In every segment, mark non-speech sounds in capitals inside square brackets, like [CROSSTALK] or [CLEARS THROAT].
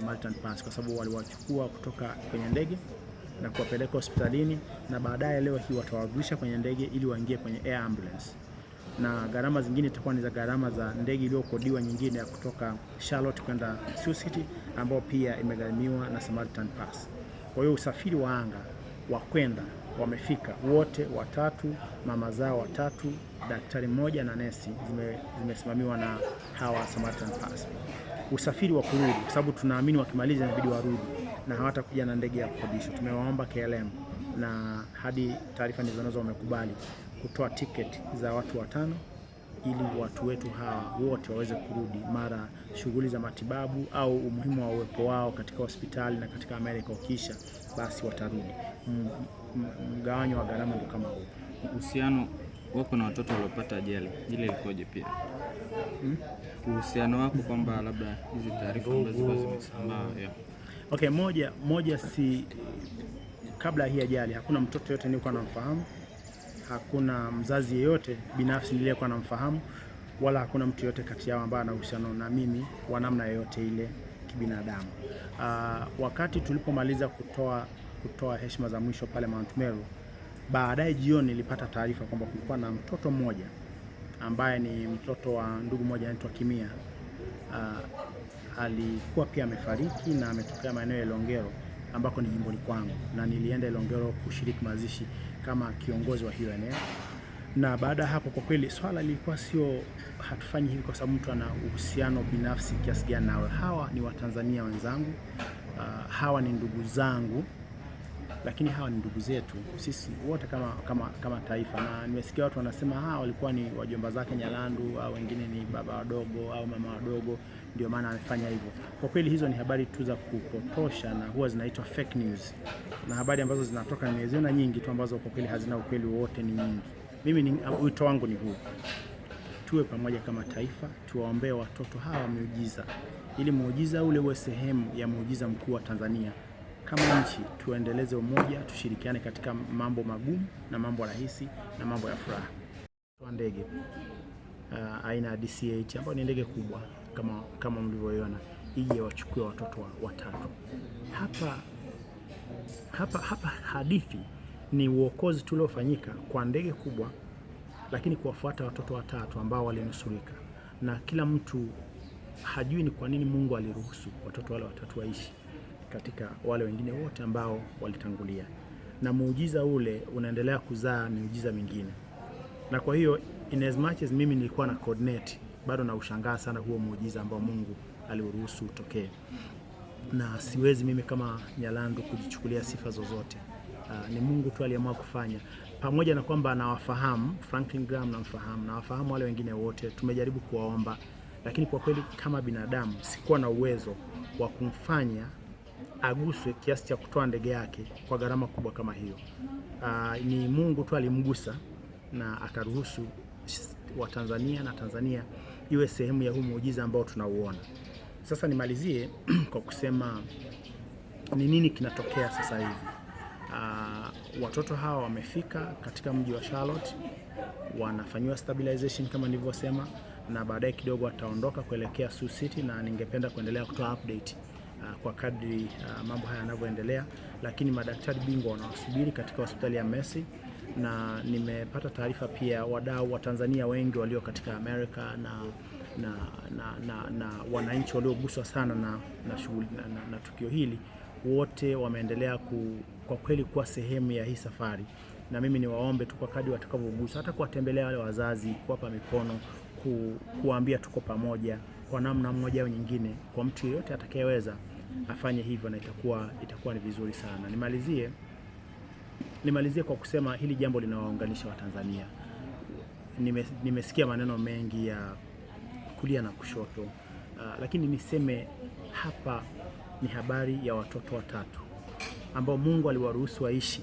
Samaritan Pants kwa sababu waliwachukua kutoka kwenye ndege na kuwapeleka hospitalini na baadaye leo hii watawarudisha kwenye ndege ili waingie kwenye air ambulance, na gharama zingine itakuwa ni za gharama za ndege iliyokodiwa nyingine ya kutoka Charlotte kwenda Sioux City ambayo pia imegharimiwa na Samaritan Pass. Kwa hiyo usafiri wa anga wa kwenda wamefika wote watatu, mama zao watatu, daktari mmoja na nesi, zimesimamiwa na hawa Samaritan Pass usafiri wa kurudi, kwa sababu tunaamini wakimaliza inabidi warudi na hawatakuja na ndege ya kukodisha. Tumewaomba KLM na hadi taarifa nilizonazo wamekubali kutoa tiketi za watu watano ili watu wetu hawa wote waweze kurudi, mara shughuli za matibabu au umuhimu wa uwepo wao katika hospitali na katika Amerika ukiisha, basi watarudi. Mgawanyo wa gharama ndio kama huo uhusiano wewe kuna watoto waliopata ajali, ile ilikoje pia? Hmm? Uhusiano wako kwamba labda hizi taarifa ambazo zimesambaa. Okay, moja moja, si kabla hii ajali hakuna mtoto yote nilikuwa namfahamu, hakuna mzazi yeyote binafsi niliyekuwa namfahamu, wala hakuna mtu yote kati yao ambaye ana uhusiano na mimi wa namna yoyote ile kibinadamu. Uh, wakati tulipomaliza kutoa kutoa heshima za mwisho pale Mount Meru Baadaye jioni nilipata taarifa kwamba kulikuwa na mtoto mmoja ambaye ni mtoto wa ndugu mmoja anaitwa Kimia. Uh, alikuwa pia amefariki na ametokea maeneo ya Ilongero ambako ni jimboni kwangu, na nilienda Ilongero kushiriki mazishi kama kiongozi wa hiyo eneo. Na baada ya hapo, kwa kweli swala lilikuwa sio, hatufanyi hivi kwa sababu mtu ana uhusiano binafsi kiasi gani nawe. Hawa ni Watanzania wenzangu, uh, hawa ni ndugu zangu lakini hawa ni ndugu zetu sisi wote kama, kama, kama taifa. Na nimesikia watu wanasema hawa ah, walikuwa ni wajomba zake Nyalandu au wengine ni baba wadogo au mama wadogo, ndio maana amefanya hivyo. Kwa kweli hizo ni habari tu za kupotosha na huwa zinaitwa fake news, na habari ambazo zinatoka nimeziona nyingi tu ambazo kwa kweli hazina ukweli wowote, ni nyingi. Mimi wito wangu ni huu, tuwe pamoja kama taifa, tuwaombee watoto hawa muujiza, ili muujiza ule uwe sehemu ya muujiza mkuu wa Tanzania kama nchi tuendeleze umoja, tushirikiane katika mambo magumu na mambo rahisi na mambo ya furaha. Kwa ndege uh, aina ya dc ambayo ni ndege kubwa kama, kama mlivyoiona ije wachukue watoto watatu hapa, hapa, hapa hadithi ni uokozi tuliofanyika kwa ndege kubwa, lakini kuwafuata watoto watatu ambao walinusurika, na kila mtu hajui ni kwa nini Mungu aliruhusu watoto wale watatu waishi katika wale wengine wote ambao walitangulia, na muujiza ule unaendelea kuzaa miujiza mingine. Na kwa hiyo in as much as mimi nilikuwa na coordinate, bado naushangaa sana huo muujiza ambao Mungu aliuruhusu utokee, na siwezi mimi kama Nyalandu kujichukulia sifa zozote. Uh, ni Mungu tu aliamua kufanya, pamoja na kwamba nawafahamu Franklin Graham, namfahamu, nawafahamu wale wengine wote, tumejaribu kuwaomba, lakini kwa kweli kama binadamu sikuwa na uwezo wa kumfanya aguswe kiasi cha kutoa ndege yake kwa gharama kubwa kama hiyo. Aa, ah, ni Mungu tu alimgusa na akaruhusu Watanzania na Tanzania iwe sehemu ya huu muujiza ambao tunauona sasa. Nimalizie [CLEARS THROAT] kwa kusema ni nini kinatokea sasa hivi. Aa, ah, watoto hawa wamefika katika mji wa Charlotte wanafanyiwa stabilization kama nilivyosema, na baadaye kidogo wataondoka kuelekea Sioux City, na ningependa kuendelea kutoa update. Uh, kwa kadri uh, mambo haya yanavyoendelea, lakini madaktari bingwa wanawasubiri katika hospitali ya Mercy na nimepata taarifa pia wadau wa Tanzania wengi walio katika Amerika na, na, na, na, na wananchi walioguswa sana na, na, shughuli, na, na, na tukio hili wote wameendelea ku, kwa kweli kuwa sehemu ya hii safari, na mimi niwaombe tu kwa kadri watakavyoguswa, hata kuwatembelea wale wazazi, kuwapa mikono, ku, kuwaambia tuko pamoja kwa namna moja au nyingine, kwa mtu yeyote atakayeweza afanye hivyo na itakuwa, itakuwa ni vizuri sana. Nimalizie, nimalizie kwa kusema hili jambo linawaunganisha Watanzania. Nime, nimesikia maneno mengi ya kulia na kushoto uh, lakini niseme hapa ni habari ya watoto watatu ambao Mungu aliwaruhusu waishi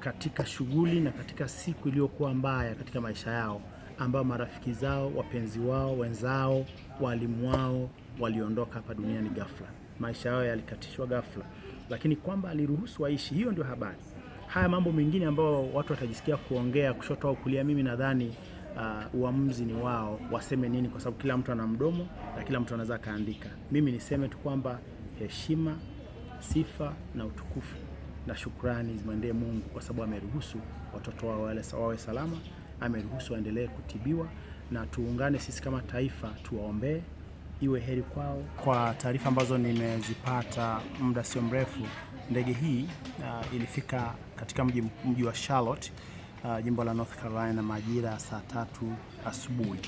katika shughuli na katika siku iliyokuwa mbaya katika maisha yao, ambao marafiki zao, wapenzi wao, wenzao, walimu wao waliondoka hapa duniani ghafla maisha yao yalikatishwa ghafla, lakini kwamba aliruhusu waishi, hiyo ndio habari. Haya mambo mengine ambayo watu watajisikia kuongea kushoto au kulia, mimi nadhani uh, uamuzi ni wao waseme nini, kwa sababu kila mtu ana mdomo na kila mtu anaweza akaandika. Mimi niseme tu kwamba heshima, sifa na utukufu na shukrani zimwendee Mungu kwa sababu ameruhusu watoto wao wawe salama, ameruhusu waendelee kutibiwa, na tuungane sisi kama taifa tuwaombee iwe heri kwao. Kwa taarifa ambazo nimezipata muda sio mrefu, ndege hii uh, ilifika katika mji, mji wa Charlotte uh, jimbo la North Carolina majira saa tatu asubuhi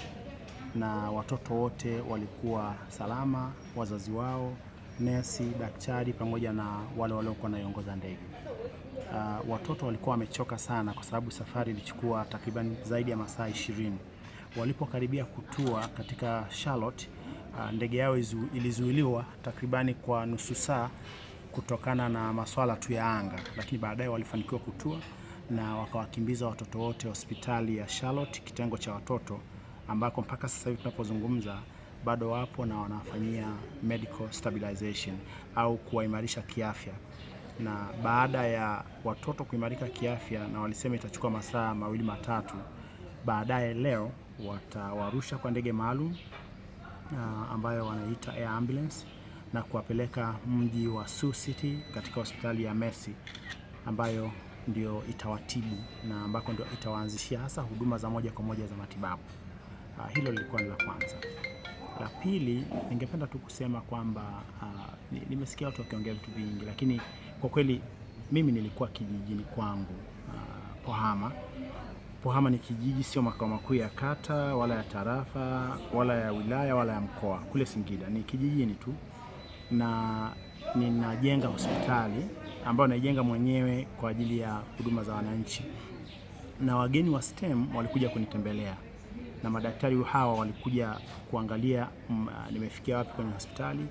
na watoto wote walikuwa salama, wazazi wao, nesi, daktari pamoja na wale waliokuwa naiongoza ndege. Uh, watoto walikuwa wamechoka sana kwa sababu safari ilichukua takriban zaidi ya masaa ishirini. Walipokaribia kutua katika Charlotte, Ah, ndege yao ilizuiliwa takribani kwa nusu saa kutokana na maswala tu ya anga, lakini baadaye walifanikiwa kutua na wakawakimbiza watoto wote hospitali ya Charlotte kitengo cha watoto ambako mpaka sasa hivi tunapozungumza bado wapo na wanafanyia medical stabilization au kuwaimarisha kiafya. Na baada ya watoto kuimarika kiafya, na walisema itachukua masaa mawili matatu, baadaye leo watawarusha kwa ndege maalum uh, ambayo wanaita air ambulance na kuwapeleka mji wa Sioux City katika hospitali ya Mercy ambayo ndio itawatibu na ambako ndio itawaanzishia hasa huduma za moja kwa moja za matibabu. Uh, hilo lilikuwa ni la kwanza. La pili, ningependa tu kusema kwamba uh, nimesikia watu wakiongea vitu vingi, lakini kwa kweli mimi nilikuwa kijijini kwangu uh, Pohama Pohama ni kijiji, sio makao makuu ya kata wala ya tarafa wala ya wilaya wala ya mkoa. Kule Singida ni kijijini tu, na ninajenga hospitali ambayo naijenga mwenyewe kwa ajili ya huduma za wananchi, na wageni wa STEM walikuja kunitembelea na madaktari hawa walikuja kuangalia mm, nimefikia wapi kwenye hospitali,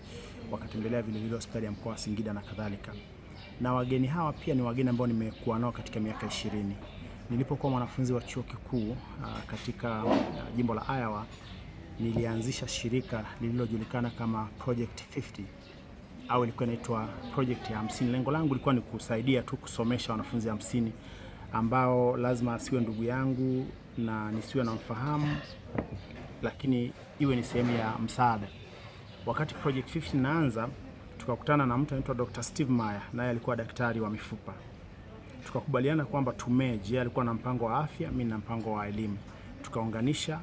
wakatembelea vile hospitali ya mkoa wa Singida na kadhalika. Na wageni hawa pia ni wageni ambao nimekuwa nao katika miaka ishirini. Nilipokuwa mwanafunzi wa chuo kikuu uh, katika uh, jimbo la Iowa, nilianzisha shirika lililojulikana kama Project 50 au ilikuwa inaitwa Project ya 50. Lengo langu lilikuwa ni kusaidia tu kusomesha wanafunzi hamsini ambao lazima asiwe ndugu yangu na nisiwe na mfahamu lakini iwe ni sehemu ya msaada. Wakati Project 50 inaanza, tukakutana na mtu anaitwa Dr. Steve Meyer, naye alikuwa daktari wa mifupa tukakubaliana kwamba tumeje, alikuwa na mpango wa afya, mimi na mpango wa elimu, tukaunganisha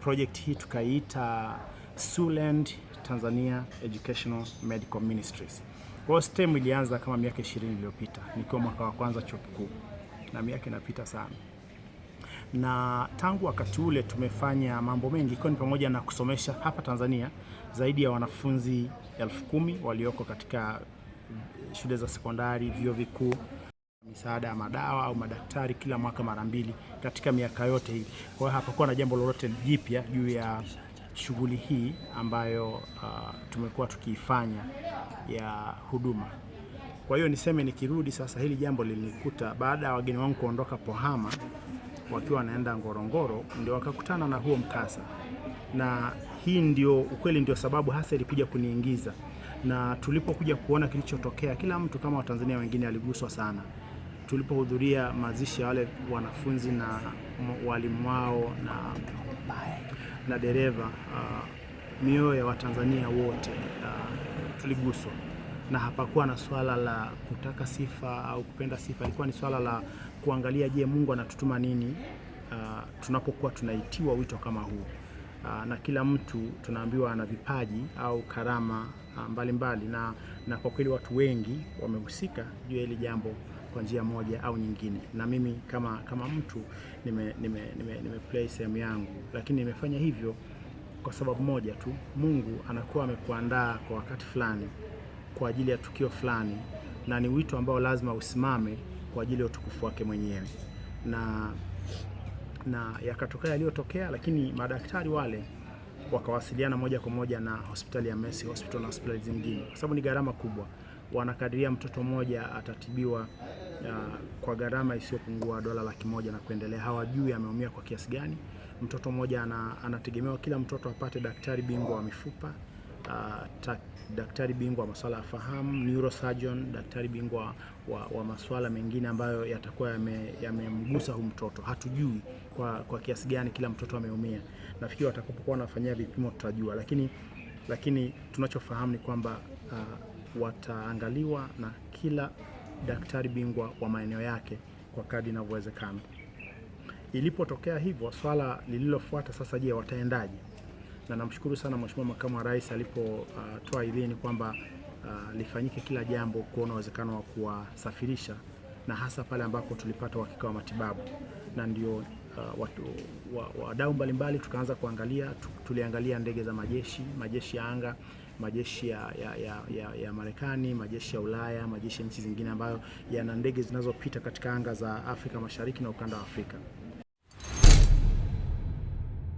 project hii tukaiita Suland Tanzania Educational Medical Ministries. Kwa hiyo STEM ilianza kama miaka 20 iliyopita nikiwa mwaka wa kwanza chuo kikuu, na miaka inapita sana na tangu wakati ule tumefanya mambo mengi ikiwa ni pamoja na kusomesha hapa Tanzania zaidi ya wanafunzi elfu kumi walioko katika shule za sekondari, vyuo vikuu misaada ya madawa au madaktari kila mwaka mara mbili katika miaka yote hii. Kwa hiyo hapakuwa na jambo lolote jipya juu ya shughuli hii ambayo uh, tumekuwa tukiifanya ya huduma. Kwa hiyo niseme, nikirudi sasa, hili jambo lilinikuta baada ya wageni wangu kuondoka Pohama wakiwa wanaenda Ngorongoro, ndio wakakutana na huo mkasa, na hii ndio ukweli, ndio sababu hasa ilikuja kuniingiza, na tulipokuja kuona kilichotokea, kila mtu kama Watanzania wengine aliguswa sana tulipohudhuria mazishi ya wale wanafunzi na walimu wao na, na dereva uh, mioyo ya Watanzania wote uh, tuliguswa na hapakuwa na swala la kutaka sifa au kupenda sifa, ilikuwa ni swala la kuangalia, je, Mungu anatutuma nini uh, tunapokuwa tunaitiwa wito kama huu. Ah, na kila mtu tunaambiwa ana vipaji au karama ah, mbalimbali mbali. Na, na kwa kweli watu wengi wamehusika juu ya hili jambo kwa njia moja au nyingine, na mimi kama, kama mtu nime, nime, nime, nime play sehemu yangu, lakini nimefanya hivyo kwa sababu moja tu, Mungu anakuwa amekuandaa kwa wakati fulani kwa ajili ya tukio fulani, na ni wito ambao lazima usimame kwa ajili ya utukufu wake mwenyewe na na yakatokea yaliyotokea, lakini madaktari wale wakawasiliana moja kwa moja na hospitali ya Mercy Hospital na hospitali zingine, kwa sababu ni gharama kubwa. Wanakadiria mtoto mmoja atatibiwa uh, kwa gharama isiyopungua dola laki moja na kuendelea. Hawajui ameumia kwa kiasi gani. Mtoto mmoja ana, anategemewa kila mtoto apate daktari bingwa wa mifupa uh, daktari bingwa wa masuala ya fahamu, neurosurgeon, daktari bingwa wa, wa masuala mengine ambayo yatakuwa yamemgusa yame huyu mtoto. Hatujui kwa, kwa kiasi gani kila mtoto ameumia. Nafikiri watakapokuwa wanafanyia vipimo tutajua, lakini, lakini tunachofahamu ni kwamba uh, wataangaliwa na kila daktari bingwa wa maeneo yake kwa kadri inavyowezekana. Ilipotokea hivyo, swala lililofuata sasa, je, wataendaje? na namshukuru sana Mheshimiwa Makamu wa Rais alipotoa uh, idhini kwamba uh, lifanyike kila jambo kuona uwezekano wa kuwasafirisha na hasa pale ambapo tulipata uhakika wa matibabu na ndio Uh, wadau wa, wadau mbalimbali tukaanza kuangalia tu, tuliangalia ndege za majeshi majeshi ya anga majeshi ya, ya, ya, ya, ya Marekani majeshi ya Ulaya majeshi ya nchi zingine ambayo yana ndege zinazopita katika anga za Afrika Mashariki na ukanda wa Afrika.